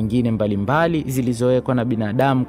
nyingine mbalimbali zilizowekwa na binadamu.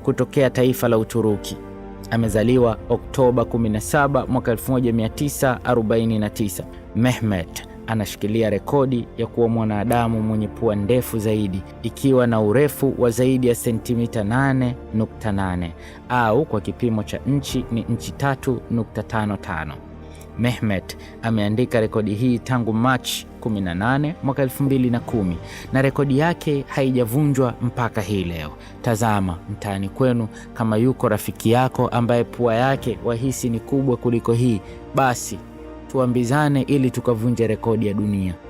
kutokea taifa la Uturuki. Amezaliwa Oktoba 17 mwaka 1949. Mehmet anashikilia rekodi ya kuwa mwanadamu mwenye pua ndefu zaidi ikiwa na urefu wa zaidi ya sentimita 8.8 au kwa kipimo cha nchi ni nchi 3.55. Mehmet ameandika rekodi hii tangu Machi 18 mwaka 2010 na rekodi yake haijavunjwa mpaka hii leo. Tazama mtaani kwenu, kama yuko rafiki yako ambaye pua yake wahisi ni kubwa kuliko hii, basi tuambizane ili tukavunje rekodi ya dunia.